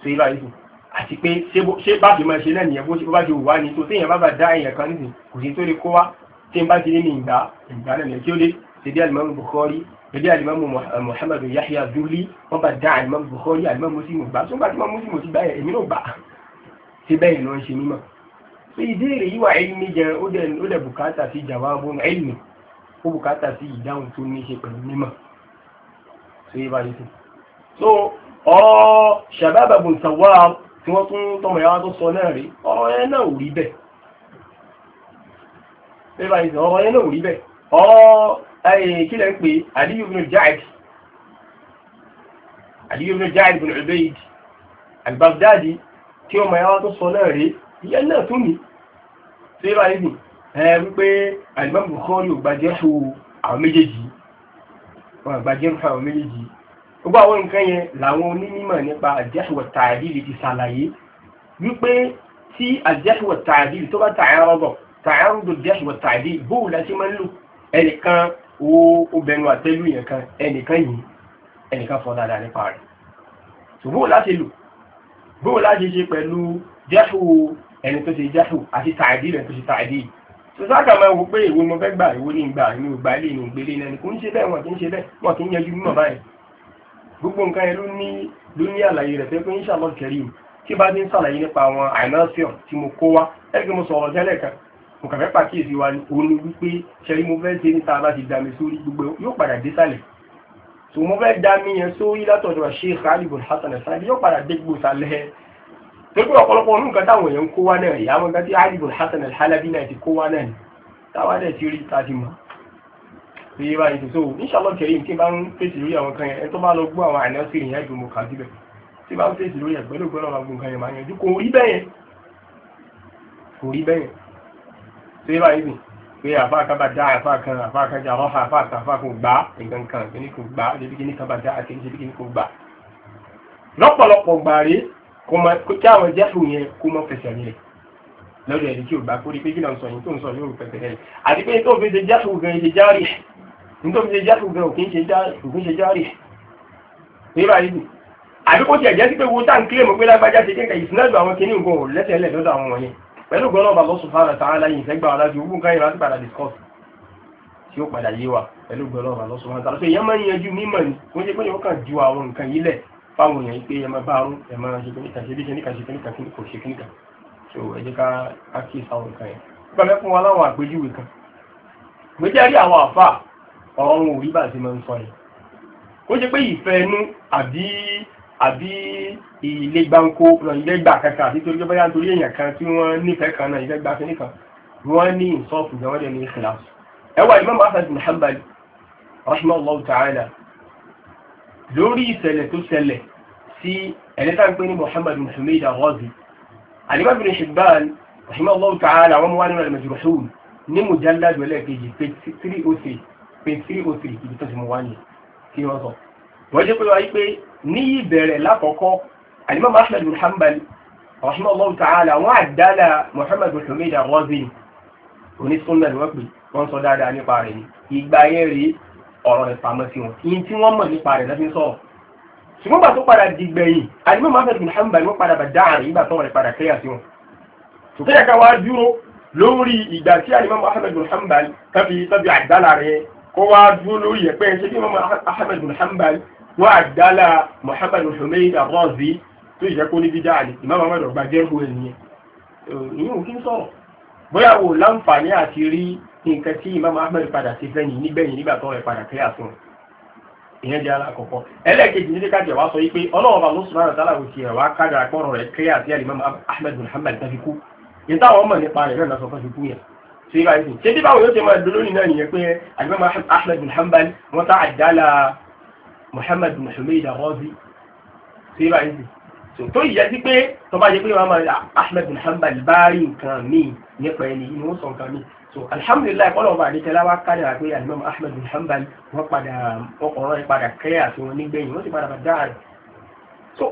so bí bá yìí àti pé ṣé bá fi máa ṣe náà nìyẹn bó bá ṣe wù wá ni tó téèyàn bá bá dá èèyàn kan nísìn kò sí tó lè kó wá tí n bá ti ní ní ìgbà ìgbà náà nìyẹn tí ó lé ṣèdí alimami Bukhari ṣèdí alimami Muhammadu Yahya Zuli wọn bá dá alimami Bukhari alimami Muslim gbà tó bá ti máa Muslim ti gbà yẹn èmi náà gbà ṣe bẹ́ẹ̀ lọ ṣe mímọ̀ pé ìbéèrè yìí wà ẹni jẹ ó dẹ̀ bùkátà sí jawabun ilmi ó bùkátà sí ìdáhùn tó ní ṣe pẹ̀lú mímọ̀ so ọ̀rọ̀ Shabab ibn Sawwar tí wọ́n tún tọmọ ìyáwá tó sọ náà rí ọ̀rọ̀ ẹ náà rí bẹ́ẹ̀ pẹ́lú àìsàn ọ̀rọ̀ ẹ náà rí bẹ́ẹ̀ ọ̀rọ̀ kílẹ̀ ń pè Aliyu bin Ja'd Aliyu bin Ja'd tí ọmọ ìyáwá tó sọ náà rí ìyẹn náà tún ní pẹ́lú àìsàn ẹ wípé àìmọ́ Bukhari ò gbàjẹ́ fún àwọn méjèèjì wọn àgbàjẹ́ fún àwọn méjèèjì gbogbo àwọn nǹkan yẹn làwọn onímọ̀ nípa àjẹ́sùwọ̀ tààdìlì ti ṣàlàyé wípé tí àjẹ́sùwọ̀ tààdìlì tó bá tààrọ̀bọ̀ tààrọ̀dọ̀ jẹ́sùwọ̀ tààdìlì bóò láti máa ń lò ẹnìkan obìnrin àtẹ́lú yẹn kan ẹnìkan yìí ẹnìkan fọ́ dáadáa nípa rẹ̀ ṣùgbọ́n láti lò bóò láti ṣe pẹ̀lú jẹ́sù ẹni tó ṣe jẹ́sù àti tààdìlì ẹni tó ṣe tààdìlì sọ́sáàkà máa wò pé ìwé mo fẹ́ gbà ìwé ní ìgbà ìwé ìgbà ilé ìgbélé náà ni kò ń ṣe bẹ́ẹ̀ wọn kì í ṣe bẹ́ẹ̀ wọn kì í yanjú mímọ̀ báyìí gbogbo nǹkan ẹ ló ní ló ní àlàyé rẹ̀ tẹ́pẹ́ ní sàlọ́ kẹrìm tí bá ní sàlàyé nípa àwọn àìnáṣíọ̀n tí mo kó wá ẹgbẹ́ mo sọ̀rọ̀ tẹ́lẹ̀ kan mo kàn pàkíyèsí wa ní òun wípé ṣẹ́rí mo fẹ́ ṣe níta bá ti dami sórí gbogbo yóò padà dé sàlẹ̀ so mo fẹ́ dami yẹn sórí látọ̀dọ̀ Sheikh Ali bin Hasan al yóò padà dé gbogbo sàlẹ̀ torí ọ̀pọ̀lọpọ̀ ọdún kan táwọn èèyàn kó wá náà ìyá wọn kan tí Ali Hasan al-Halabi náà ti kó wá náà ni táwa náà ti rí ta ti mọ̀ tí yé báyìí tó inshallah kẹrin kí n bá ń fèsì lórí àwọn kan yẹn ẹ tó bá lọ gbọ́ àwọn àìlẹ́sì ìyẹn ìdùn mo kà síbẹ̀ tí bá ń fèsì lórí ẹ̀ pẹ̀lú gbọ́dọ̀ máa gun kan yẹn máa yanjú kò rí bẹ́ẹ̀ yẹn kò rí bẹ́ẹ̀ yẹn tí yé báyìí sì pé àfa kan bá dá àfa kan àfa kan jà rọ́ha àfa kan àfa kan gbà nǹkan kan kí ni kò gbà débi kí ni kan dá àti débi kò gbà lọ́pọ̀lọpọ̀ gbàrí kí àwọn jẹ́fù yẹn kó mọ́ fẹsẹ̀ nílẹ̀ lórí ẹni tí ò gbà kó rí pé kí náà sọ yìí tó ń sọ yóò pẹpẹ rẹ àti pé tó fi ṣe jáṣù gan ṣe járe nítorí ṣe jáṣù gan òkè ṣe járe nígbà yìí àbí kó tiẹ̀ jẹ́ sí pé wo tá n kílè mọ̀ pé lágbájá ṣe kéka ìsinádùn àwọn kìíní nǹkan ò lẹ́sẹ̀ lẹ̀ lọ́dọ̀ àwọn wọ̀nyẹn pẹ̀lú gan náà bàbá sùn fara tààlà yìí ìfẹ́ gbà wọn láti owó nǹkan yìí láti padà discuss tí ó padà yé wa pẹ̀lú gan náà bàbá sùn fara tààlà ṣe èèyàn máa ń yanjú mímọ̀ ni kó ṣe pé yóò kàn ju àwọn nǹkan yìí lẹ̀ fáwọn èèyàn pé ẹ máa bá arún ẹ máa ṣe kíníkà ṣe bí ṣe kíníkà ṣe kíníkà kò ṣe kíníkà so ẹ jẹ́ ká kí ìsáwọn nǹkan yẹn nípa mẹ́fún wa láwọn àpèjúwe kan gbẹ́jẹ́ rí àwọn àfà ọ̀rọ̀ wọn ò rí bá ti máa ń sọ yẹn ó jẹ́ pé ìfẹ́ inú àbí àbí ilé gbáǹkó ilé gbà kankan àti torí bóyá nítorí èèyàn kan tí wọ́n nífẹ̀ẹ́ kan náà ilé gbà kínní kan wọ́n ní ìsọ́ọ̀fù gan wọ́n dẹ̀ ní ìkìlá ẹwà Imam Ahmad bin Hanbal rahimahullah ta'ala lórí ìṣẹ̀lẹ̀ tó ṣẹlẹ̀ sí ẹ̀lẹ́ta ń pè ní Muhammad bin Humayd al-Ghazi àdìbá bin Hibban rahimahullahu ta'ala àwọn wà nínú al-Majruhun ní mujallad ẹlẹ́ẹ̀kejì page three oh three page three oh three ibi tó ti mú wá ní kí wọ́n sọ. wọ́n jẹ́ pé wáyé pé ní ìbẹ̀rẹ̀ lákọ̀ọ́kọ́ alimami ahmed bin hanbal rahimahullahu ta'ala wọ́n àdálà muhammad bin hamid ar-Razi onísúnnà ni wọ́n pè wọ́n sọ dáadáa nípa rẹ̀ ní ìgbà yẹn rí ọ̀rọ̀ rẹ̀ pamọ́ sí wọn ìyẹn tí wọ́n mọ̀ nípa rẹ̀ lọ́sí sọ̀rọ̀ ṣùgbọ́n gbà tó padà dìgbẹ̀yìn àdìmọ́ Muhammad bin Hanbal wọ́n padà bà dáàrí ìgbà tó wọlé padà kíyà sí wọn tó kíyà ká wá dúró lórí ìgbà tí àdìmọ́ Muhammad bin Hanbal káfí tọ́jú àdálà rẹ̀ kó wá dúró lórí ẹ̀pẹ́ ṣe bí wọ́n Muhammad bin Hanbal wọ́n àdálà Muhammad Humayd ar-Razi tó ìjẹ́ kó ní dídá àdì ìmọ̀ Muhammad ọ̀gbà jẹ́ hu ẹ̀nìyẹn ìyẹn ò fẹ́ yìí nígbẹ̀yìn ìyẹn jẹ́ alákọ̀ọ́kọ́ ẹlẹ́ẹ̀kejì nílé kájẹ̀ wá sọ yí pé ọlọ́wọ́ba ló sùn lára sálàwò ti ẹ̀wà kájà akọ́rọ̀ rẹ̀ kéré àti alimami ahmed bin hamad tó fi kú yìí táwọn mọ̀ nípa rẹ̀ náà sọ fún fi kú yẹn ṣe é báyìí ṣe bí báwo yóò ṣe máa dúró nínú ìyẹn pé alimami ahmed bin hamad wọ́n tá àjálà muhammad bin hamid arọ́bí ṣe é báyìí tó yẹ sí pé tọ́ba yẹ pé ahmed bin hamad bá rí nǹkan míì nípa ẹni inú sọ nǹkan míì so alhamdulilayi kọ́lọ̀ ọba àdìsẹ́lá wa kádà pé alimami ahmed bin hanbal wọ́n padà ọkọ̀ọ̀rọ̀ yìí padà kẹ́ àti wọn nígbẹ̀yìn wọ́n sì padà padà rẹ̀ so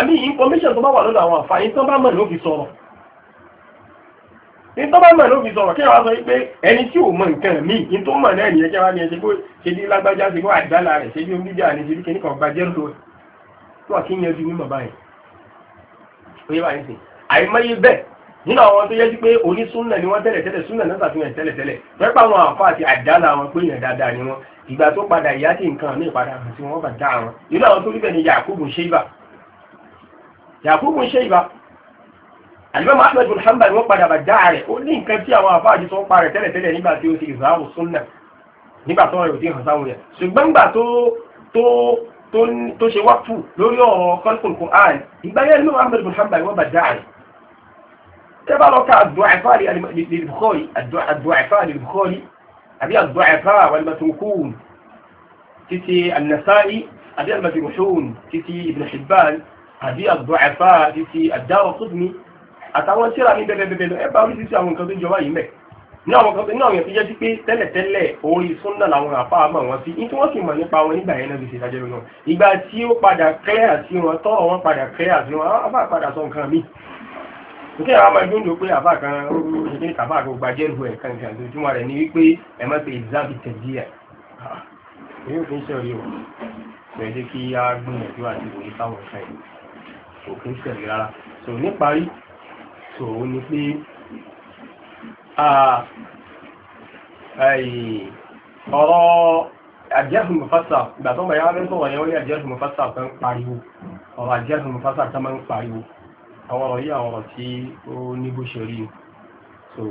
àmì information tó bá wà lọ́dọ̀ àwọn àǹfààní tó bá mọ̀ ló fi sọ̀rọ̀ ní tó bá mọ̀ ló fi sọ̀rọ̀ kí wọ́n sọ pé ẹni tí ò mọ nǹkan míì ní tó mọ̀ náà nìyẹn kí wọ́n ní ẹsẹ̀ pé ṣe bí lágbájá ṣe bí àdálà ni ṣe bí kíníkan nínú àwọn tó yẹ́jú pé onísúnnà ni wọ́n tẹ́lẹ̀ tẹ́lẹ̀ súnnà náà sàfihàn tẹ́lẹ̀ tẹ́lẹ̀ pẹ́pẹ́ àwọn àfa àti àdálà wọn pé èèyàn dáadáa ni wọn ìgbà tó padà ìyá tí nǹkan ní ìpadà hàn sí wọn bàtà wọn nínú àwọn tó rí bẹ́ẹ̀ ni Yakubu Sheiba Yakubu Sheiba àlùbọ́ mahmed bin hanbal wọ́n padà bàtà rẹ̀ ó ní nǹkan tí àwọn àfa àti tó ń pa rẹ̀ tẹ́lẹ̀ tẹ́lẹ̀ nígbà tí ó ti ìzáàbù súnnà nígbà tó rẹ̀ ò ti hàn sáwọn rẹ̀ ṣùgbọ́n lórí ọ̀rọ̀ kọ́lùkùn kùn ìgbà yẹn ní mahmed bin hanbal wọ́n bàtà rẹ̀ tẹ́bà lọ́ka àdùáfà lil-Bukhari àdùáfà lil-Bukhari àbí àdùáfà wal-matrukun títí an-Nasa'i àbí al-majruhun títí Ibn Hibban àbí àdùáfà títí ad-Daraqutni àtàwọn tíra ní bẹ́ẹ̀bẹ́ẹ̀bẹ́ ẹ bá oríṣiríṣi àwọn nǹkan tó ń jọba yìí mẹ́ ní àwọn kan ní àwọn yẹn tó jẹ́ sí pé tẹ́lẹ̀tẹ́lẹ̀ orí súnà làwọn àfa àmọ́ wọn sí ní tí wọ́n sì mọ̀ nípa wọn nígbà yẹn náà fi ṣèdájọ́ lọ́nà ìgbà tí ó padà clear sí wọn tọ́rọ̀ wọn padà clear sí wọn á bá padà sọ nǹkan míì nítorí e e àwọn ọmọ ìlú pé àbá kan ṣèkí kàbá àgbo gbajẹ́ ìlú ẹ̀ kankan lójúmọ́ rẹ̀ ní wípé ẹ má pe exam tẹ̀lé ẹ̀ èyí ò fi ń ṣẹ̀rí o bẹ̀rẹ̀ jẹ́ kí á gbìyànjú àti ìwòye sáwọn ọ̀sẹ̀ yìí kò fi ń ṣẹ̀rí rárá so níparí so ó ní pé ọ̀rọ̀ àjẹ́sùn mufasa ìgbà tó ń bá yára ń sọ̀rọ̀ yẹn wọ́n ní àjẹ́sùn mufasa kan pariwo ọ̀rọ̀ àjẹ́sùn mufasa kan máa ń pariwo àwọn ọ̀rọ̀ yìí àwọn ọ̀rọ̀ tí ó ní bó ṣe rí so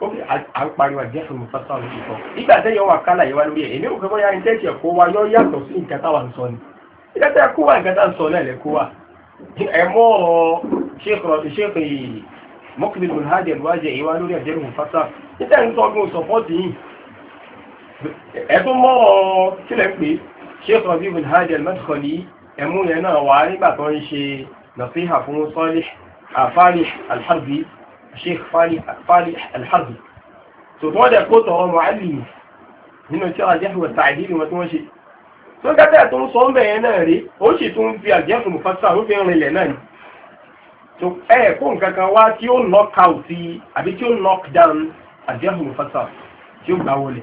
ó fi à ń pariwo àjẹsùn mi fásitì àwọn ìṣẹ̀kọ́ nígbà tẹ́yọ̀ wà kálà yẹn wá lórí ẹ̀ èmi ò fẹ́ bóyá ní tẹ́tì ẹ̀kọ́ wa yọ yàtọ̀ sí nǹkan táwa ń sọ ni nígbà tẹ́ ẹ̀kọ́ wa nǹkan tá ń sọ náà lẹ́kọ́ wa ẹ̀mọ́ ọ̀rọ̀ ṣéèkì mọ́kìlì mùnhádìí ẹ̀lúwájẹ ìwá lórí àjẹrù mùfásà nígbà ń sọ ọdún sọpọ́ọ̀tì yìí ẹ̀tún mọ́ ọ̀rọ̀ kílẹ̀ ń pè ṣéèkì mọ́kìlì mùnhádìí ẹ̀lúwájẹ ẹ̀mú yẹn náà wà nígbà tó ń ṣe nàfíhà fún Falih ah, al-Harbi Sheikh Falih al-Harbi tó tó wọ́n dẹ̀ kó tọ̀rọ Mu'allim nínú tí a jẹ́fù tàìdìrì wọn tí wọ́n ṣe tó gẹ́gẹ́ tó ń sọ ń bẹ̀yẹn náà rí ó sì tún fi àjẹ́fù mufasa ó fi rinlẹ̀ náà ni tó ẹ̀ kó nǹkan kan wá tí ó knock out àbí tí ó knock down àjẹ́fù mufasa tí ó gbà wọlé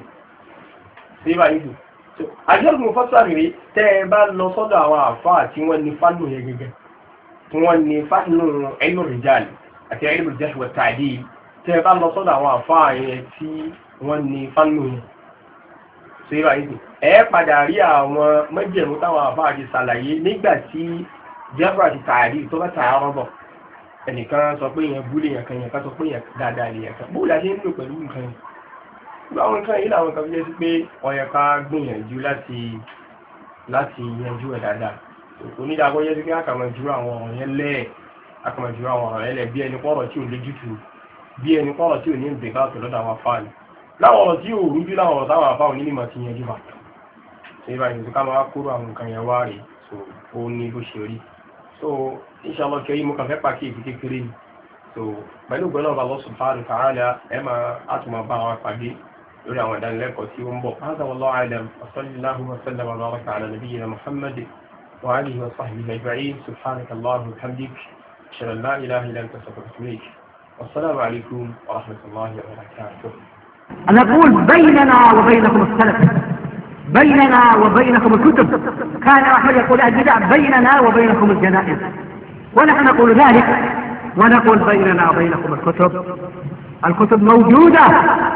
sí ibà yìí tó àjẹ́fù mufasa rèé tẹ́ ẹ bá lọ sọ́dọ̀ àwọn àfáà tí wọ́n ní fánù yẹn gẹ́gẹ́ tí wọ́n ní fásinú ilmu rijal àti ilmu jarh wa ta'dil tẹ́ ẹ bá lọ sọ́dọ̀ àwọn àfáà yẹn tí wọ́n ní fásinú yẹn ṣe é báyìí ẹ padà rí àwọn mẹ́jẹ̀mú táwọn àfáà ti ṣàlàyé nígbà tí jarh àti ta'dil tó bá ta àárọ̀ bọ̀ ẹnìkan sọ pé yẹn búlé yẹn kan yẹn kan sọ pé yẹn dáadáa lè yẹn kan bóòlù àti ń pẹ̀lú nǹkan yẹn gbogbo àwọn nǹkan yìí làwọn kan fi jẹ́ sí pé ó gbìyànjú láti láti yanjú ẹ̀ dáadáa onídàgbọ́ yẹ́ sí pé àwọn ọ̀rọ̀ yẹn lẹ́ẹ̀ àkàmọ̀júrò àwọn ọ̀rọ̀ yẹn lẹ́ẹ̀ bí ẹni pọ̀rọ̀ tí ò lójútu bí ẹni pọ̀rọ̀ tí ò ní ìbè káàkiri lọ́dọ̀ àwọn afá ni láwọn ọ̀rọ̀ tí ò rújú láwọn ọ̀rọ̀ táwọn afá òní nìmọ̀ ti yanjú bà ṣe ibà ìṣẹ́ ká máa kúrò àwọn nǹkan yẹn wá rè so ó ní bó ṣe rí so inshallah kẹyìn mo kàn fẹ́ pàkí ìfi kékeré ni so pẹ̀lú gbọ́dọ̀ bá lọ́sùn fáàlù fàáàlà ẹ máa àtúmọ̀ bá àwọn pàdé lórí àwọn ìdánilẹ́kọ̀ọ́ tí ó ń وآله وصحبه أجمعين سبحانك اللهم وبحمدك أشهد أن لا إله إلا أنت أستغفرك إليك والسلام عليكم ورحمة الله وبركاته أنا أقول بيننا وبينكم السلف بيننا وبينكم الكتب كان أحمد يقول أهل البدع بيننا وبينكم الجنائز ونحن نقول ذلك ونقول بيننا وبينكم الكتب الكتب موجودة